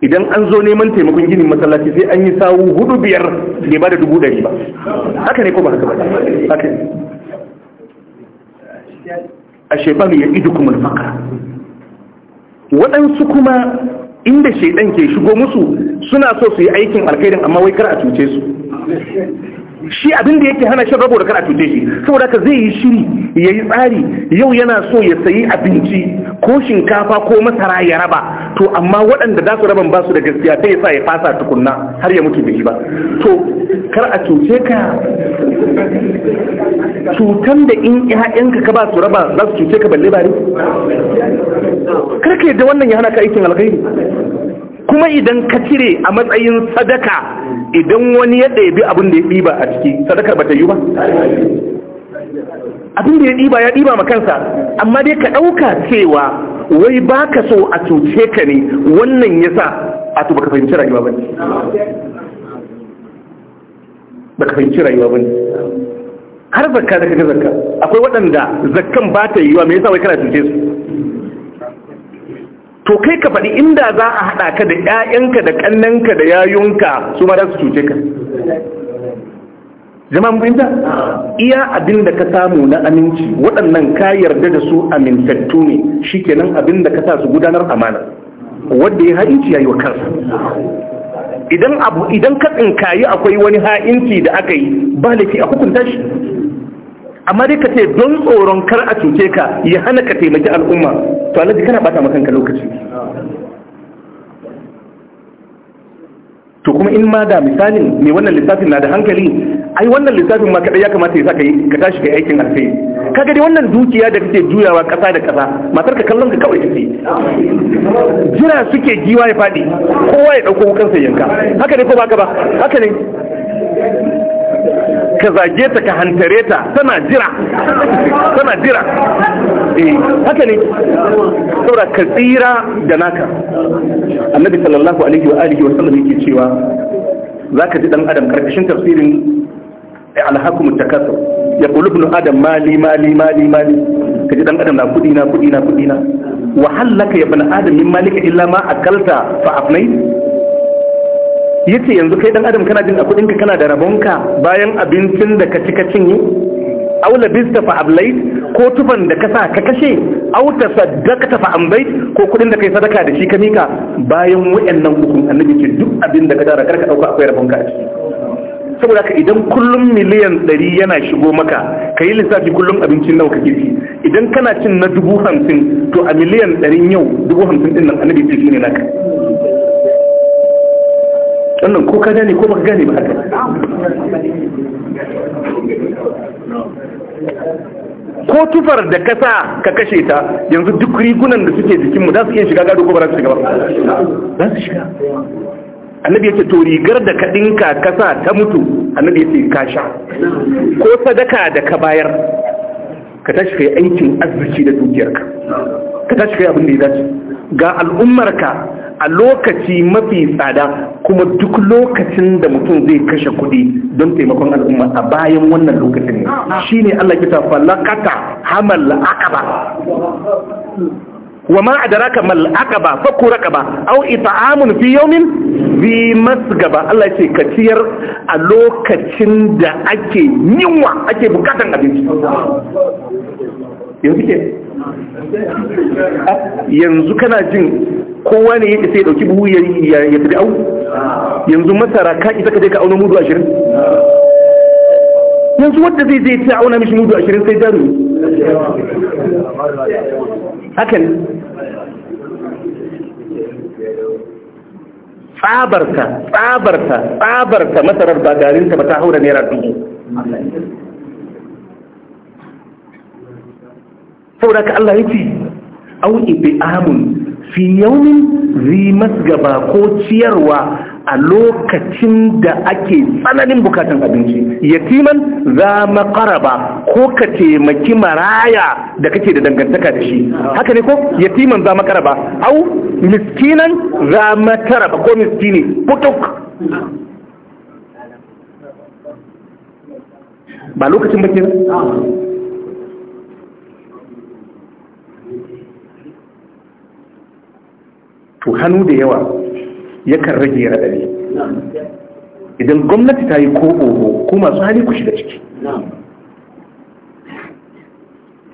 idan an zo neman taimakon ginin masallaci sai an yi sawu hudu biyar bai ba da dubu ɗari ba haka ne ko ba haka ba haka ne a shekaru ya idu kuma faka waɗansu kuma inda shaidan ke shigo musu suna so su yi aikin alkhairin amma wai kar a cuce su shi abin da yake hana shan rabo da kar a cuce shi saboda ka zai yi shiri ya yi tsari yau yana so ya sayi abinci ko shinkafa ko masara ya raba to amma waɗanda za su raban ba su da gaskiya sai yasa sa ya fasa tukunna har ya mutu da shi ba to kar a cuce ka cutan da in ƴaƴanka ka ba su raba za su cuce ka balle bare kar ka yadda wannan ya hana ka aikin alkhairi kuma idan ka cire a matsayin sadaka idan wani ya bi abin da ya ɗiba a ciki sadaka ba ta yi ba abin da ya ɗiba ya ɗiba makansa amma dai ka ɗauka cewa wai ba ka so a cuce ka ne wannan ya sa a to baka fahimci rayuwa ba baka fahimci rayuwa ba har zakka da kaga zakka akwai waɗanda zakkan ba ta yiwa me yasa wai kana cuce su to kai ka faɗi inda za a haɗa ka da 'ya'yanka da ƙannanka da yayunka su ma za su cuce ka Zama mu fahimta iya abin da ka samu na aminci waɗannan ka yarda da su amintattu ne shikenan abin da ka sa su gudanar amana wanda ya ha'inci yi wa kansa idan abu idan ka tsinkayi akwai wani ha'inci da aka yi ba laifi a hukunta shi amma dai ka ce don tsoron kar a cuce ka ya hana ka taimaki al'umma to alaji kana bata maka kanka lokaci to kuma in ma da misalin mai wannan lissafin na da hankali ai wannan lissafin ma kadai ya kamata ya sa kai ka tashi kai aikin alfai Ka gani wannan dukiya da kake juyawa kasa da kasa matar ka kallon ka kawai kake jira suke giwa ya fadi kowa ya dauko kansa yanka haka ne ko ba ka ba haka ne ka zage ta ka hantare ta tana jira tana jira eh haka ne saboda ka tsira da naka annabi sallallahu alaihi wa alihi wa sallam yake cewa zaka ji dan adam karkashin tafsirin alhakum takasur ya qulu ibn adam mali mali mali mali Ka ji dan adam na kudi na kudi na kudi na wa halaka ya ibn adam min malika illa ma akalta fa afnayt yace yanzu kai dan adam kana jin a kudin ka kana da rabonka bayan abincin da ka ci ka cinye aula bista fa ablait ko tufan da ka sa ka kashe aw tasaddaqta fa ambait ko kudin da kai sadaka da shi ka mika bayan wayannan hukun annabi ce duk abin da ka dara karka dauka akwai rabonka a ciki saboda ka idan kullum miliyan 100 yana shigo maka ka yi lissafi kullum abincin nawa kake ci idan kana cin na dubu hamsin to a miliyan 100 yau dubu hamsin din nan annabi ce shi ne naka wannan ko ka gane ko baka gane ba haka ko tufar da kasa ka kashe ta yanzu duk rigunan da suke jikinmu za su iya shiga gado ko ba za su shiga ba za su shiga annabi yake to rigar da ka dinka kasa ta mutu annabi yake ka sha ko sadaka da ka bayar ka tashi kai aikin arziki da dukiyarka ka tashi kai abin da ya dace ga al'ummarka a lokaci mafi tsada kuma duk lokacin da mutum zai kashe kuɗi don taimakon al'umma a bayan wannan lokacin ne shi ne Allah kita falakata hamal ba. wa ma adraka mal akaba fakku raqaba aw it'amun fi yawmin bi masgaba Allah ce ka ciyar a lokacin da ake yunwa ake bukatan abinci yanzu ke yanzu kana jin kowa ne ya isa ya dauki buhu ya fi au yanzu masara ka isa ka je ka auna mudu ashirin yanzu wadda zai zai ta auna mishi mudu ashirin sai jarumi hakan tsabarta tsabarta tsabarta masarar ba garinta ba ta haura naira dubu saboda ka Allah yace au amun fi yawmin zi masgaba ko ciyarwa a lokacin da ake tsananin bukatan abinci yatiman za maqaraba ko ka taimaki maraya da kake da dangantaka da shi haka ne ko yatiman za maqaraba au miskinan za makaraba ko miskini putuk ba lokacin bakin to hannu da yawa yakan rage radari idan gwamnati ta yi ko ko masu hali ku shiga ciki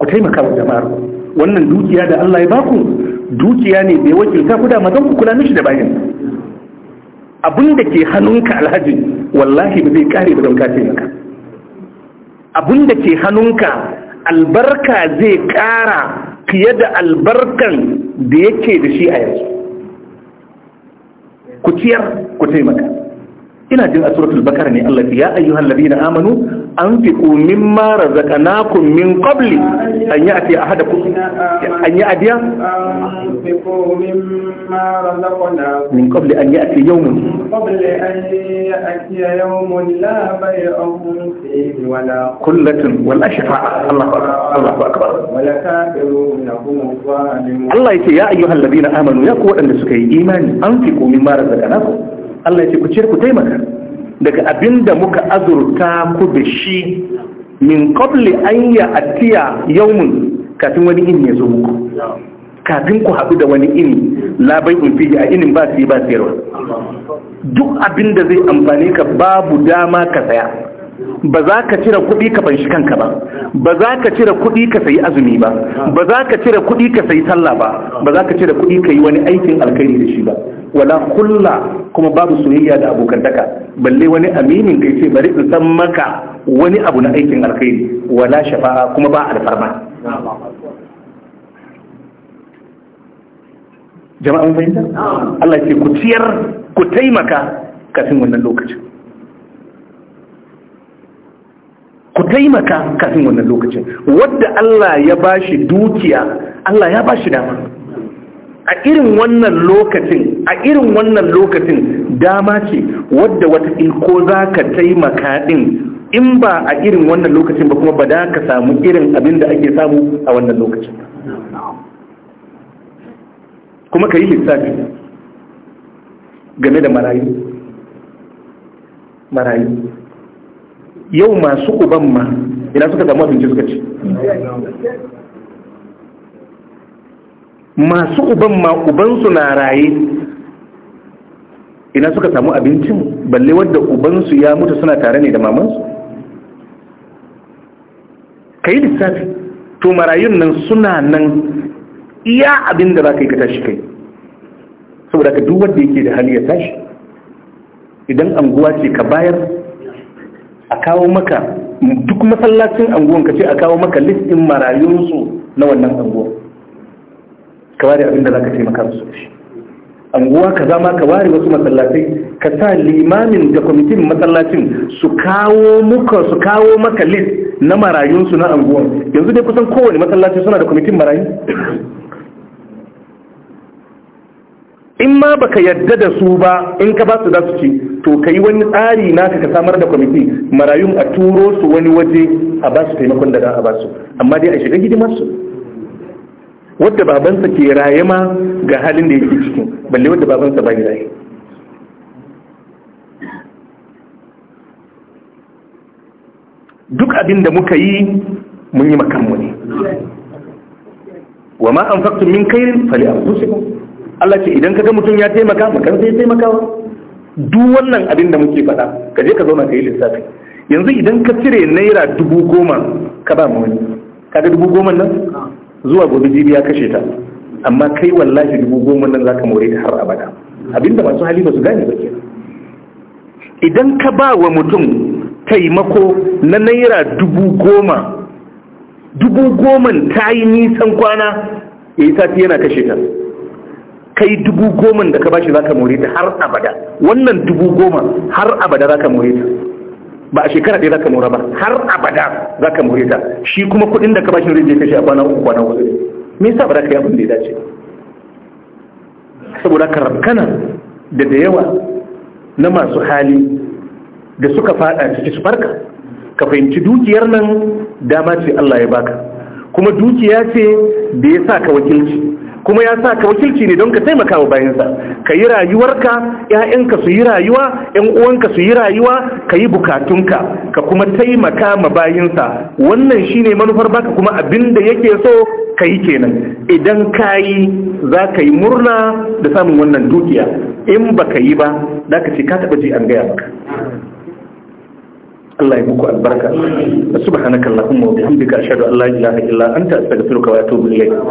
ku taimaka wa jama'ar wannan dukiya da Allah ya baku dukiya ne da ya wakilta ku da mazan ku kula mishi da bayan abin da ke hannunka alhaji wallahi ba zai kare ba don ka taimaka abin da ke hannunka albarka zai kara fiye da albarkan da yake da shi a yanzu ku ciyar ku taimaka ina jin a suratul bakara ne Allah ya ayyuhal ladina amanu anfiqu mimma razaqnakum min qabli an ya'ti ahadakum an ya'diya anfiqu mimma razaqnakum min qabli an ya'ti yawmun qabli an ya'ti yawmun la bay'un fihi wala qullatun wala shafa'a Allahu akbar Allahu akbar wala kafirun lahum zalimun Allah yake ya ayyuhal ladina amanu ya ku wadanda suka yi imani anfiqu mimma razaqnakum Allah ce ku ce ku taimaka daga abin da muka azurta ku da shi min qabli an ya atiya yawmun kafin wani in ya zo muku kafin ku haɗu da wani ini labai unfi a inin ba su yi ba sayarwa duk abin da zai amfani ka babu dama ka saya ba za ka cire kuɗi ka fanshi kanka ba ba za ka cire kuɗi ka sayi azumi ba ba za ka cire kuɗi ka sayi sallah ba ba za ka cire kuɗi ka yi wani aikin alkhairi da shi ba wala kulla kuma babu soyayya da abokantaka balle wani aminin kai ce bari in san maka wani abu na aikin alkhairi wala shafa'a kuma ba alfarma jama'a mun fahimta Allah ce ku ciyar ku taimaka kafin wannan lokacin ku taimaka kafin wannan lokacin wadda Allah ya bashi dukiya Allah ya bashi dama a irin wannan lokacin a irin wannan lokacin dama ce wadda wata ko za ka taimaka din in ba a irin wannan lokacin ba kuma ba da ka samu irin abin da ake samu a wannan lokacin kuma ka yi lissafi game da marayu marayu yau masu uban ma ina suka samu abinci suka ce? masu uban ma ubansu na raye ina suka samu abincin balle wadda ubansu ya mutu suna tare ne da mamansu ka yi lissafi to marayun nan suna nan iya abin da za ka yi ka tashi kai saboda ka duk wadda yake da hali ya tashi idan anguwa ce ka bayar a kawo maka duk masallacin anguwan ka ce a kawo maka listin marayunsu na wannan anguwan ka ware abinda za ka taimaka musu da shi anguwa ka zama ka ware wasu matsalatai ka sa limamin da kwamitin matsalatin su kawo muka su kawo maka list na marayunsu na anguwan. yanzu dai kusan kowane matsalatai suna da kwamitin marayu in ma baka yadda da su ba in ka ba su za su ci to ka yi wani tsari naka ka samar da kwamiti marayun a turo su wani waje a ba su taimakon da za a ba su amma dai a shiga masu. wadda babansa ke raye ma ga halin da yake ciki balle wadda babansa ba ya raye duk abin da muka yi mun yi makamu ne wa ma an faktun min kairin fali a Allah ce idan kaga mutum ya taimaka makan sai taimakawa duk wannan abin da muke faɗa ka je ka zauna ka yi lissafi yanzu idan ka cire naira dubu goma ka ba mu wani ka ga dubu goma nan zuwa gobe jibi ya kashe ta amma kai wallahi dubu goma nan za ka more ta har abada abinda masu hali ba su gane ba idan ka ba wa mutum taimako na naira dubu goma dubu goman ta yi nisan kwana ya yi sati yana kashe ta kai dubu goman da ka ba shi za ka more ta har abada wannan dubu goma har abada za ka more ta ba a shekara ɗaya ka mora ba har abada zaka more ta shi kuma kuɗin da ka bashi rinje kashe a kwana uku kwana huɗu me yasa ba za ka yi abin da ya dace saboda karkana da da yawa na masu hali da suka faɗa ciki su farka ka fahimci dukiyar nan dama ce Allah ya baka kuma dukiya ce da ya sa ka wakilci kuma ya sa ka wakilci ne don ka taimaka wa bayansa ka yi rayuwarka 'ya'yanka su yi rayuwa ƴan uwanka su yi rayuwa ka yi bukatunka ka kuma taimaka ma bayansa wannan shine manufar baka kuma abin da yake so ka yi kenan idan ka yi za ka yi murna da samun wannan dukiya in ba ka yi ba da ka ce ka taɓa ji an gaya Allah ya muku albarka subhanakallahumma wa bihamdika ashhadu an la ilaha illa anta astaghfiruka wa atubu ilayk